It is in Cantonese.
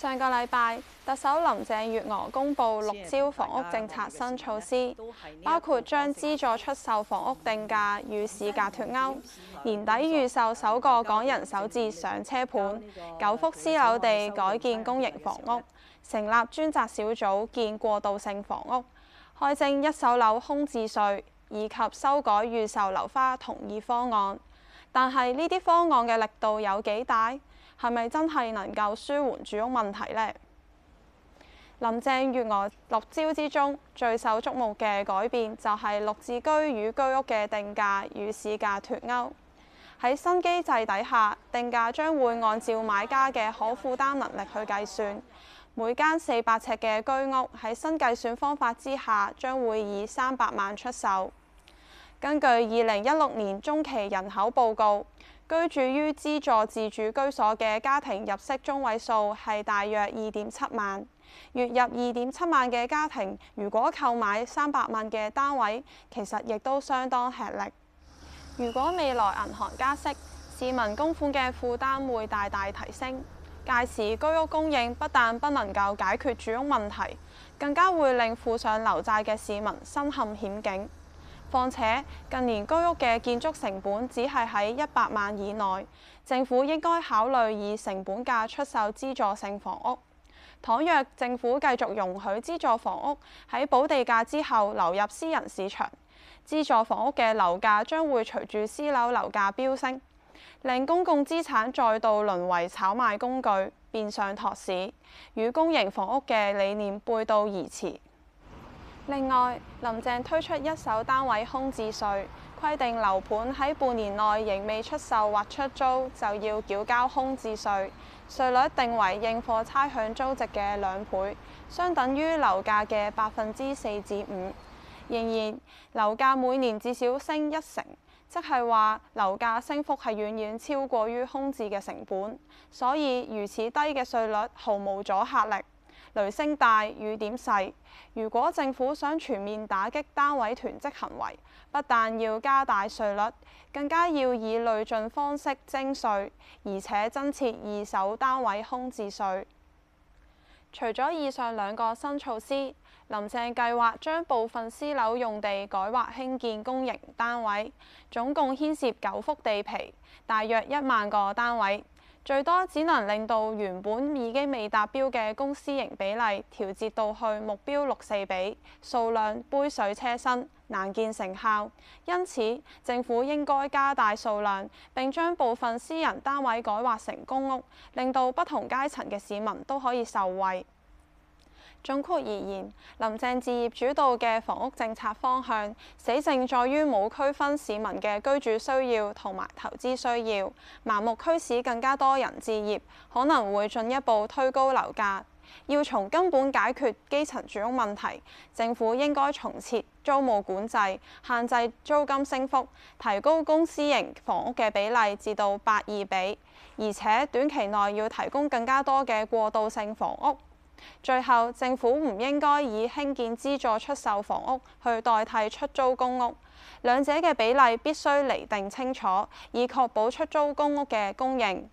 上個禮拜，特首林鄭月娥公布六招房屋政策新措施，包括將資助出售房屋定價與市價脫鈎，年底預售首個港人首置上車盤，九幅私樓地改建公營房屋，成立專責小組建過渡性房屋，開徵一手樓空置稅，以及修改預售樓花同意方案。但係呢啲方案嘅力度有幾大？係咪真係能夠舒緩住屋問題呢？林鄭月娥六招之中最受矚目嘅改變就係六字居與居屋嘅定價與市價脫鉤，喺新機制底下，定價將會按照買家嘅可負擔能力去計算。每間四百尺嘅居屋喺新計算方法之下，將會以三百萬出售。根據二零一六年中期人口報告。居住於資助自主居所嘅家庭入息中位數係大約二點七萬，月入二點七萬嘅家庭，如果購買三百萬嘅單位，其實亦都相當吃力。如果未來銀行加息，市民供款嘅負擔會大大提升。屆時，居屋供應不但不能夠解決住屋問題，更加會令負上樓債嘅市民深陷險境。況且近年居屋嘅建築成本只係喺一百萬以內，政府應該考慮以成本價出售資助性房屋。倘若政府繼續容許資助房屋喺保地價之後流入私人市場，資助房屋嘅樓價將會隨住私樓樓價飆升，令公共資產再度淪為炒賣工具，變相托市，與公營房屋嘅理念背道而馳。另外，林鄭推出一手單位空置稅，規定樓盤喺半年內仍未出售或出租就要繳交空置稅，稅率定為應課差餉租值嘅兩倍，相等於樓價嘅百分之四至五。仍然樓價每年至少升一成，即係話樓價升幅係遠遠超過於空置嘅成本，所以如此低嘅稅率毫無阻嚇力。雷聲大，雨點細。如果政府想全面打擊單位囤積行為，不但要加大稅率，更加要以累進方式徵稅，而且增設二手單位空置稅。除咗以上兩個新措施，林鄭計劃將部分私樓用地改劃興建公營單位，總共牽涉九幅地皮，大約一萬個單位。最多只能令到原本已經未達標嘅公私營比例調節到去目標六四比，數量杯水車薪，難見成效。因此，政府應該加大數量，並將部分私人單位改劃成公屋，令到不同階層嘅市民都可以受惠。總括而言，林鄭置業主導嘅房屋政策方向死症，在於冇區分市民嘅居住需要同埋投資需要，盲目驅使更加多人置業，可能會進一步推高樓價。要從根本解決基層住屋問題，政府應該重設租務管制，限制租金升幅，提高公私型房屋嘅比例至到八二比，而且短期內要提供更加多嘅過渡性房屋。最後，政府唔應該以興建資助出售房屋去代替出租公屋，兩者嘅比例必須釐定清楚，以確保出租公屋嘅供應。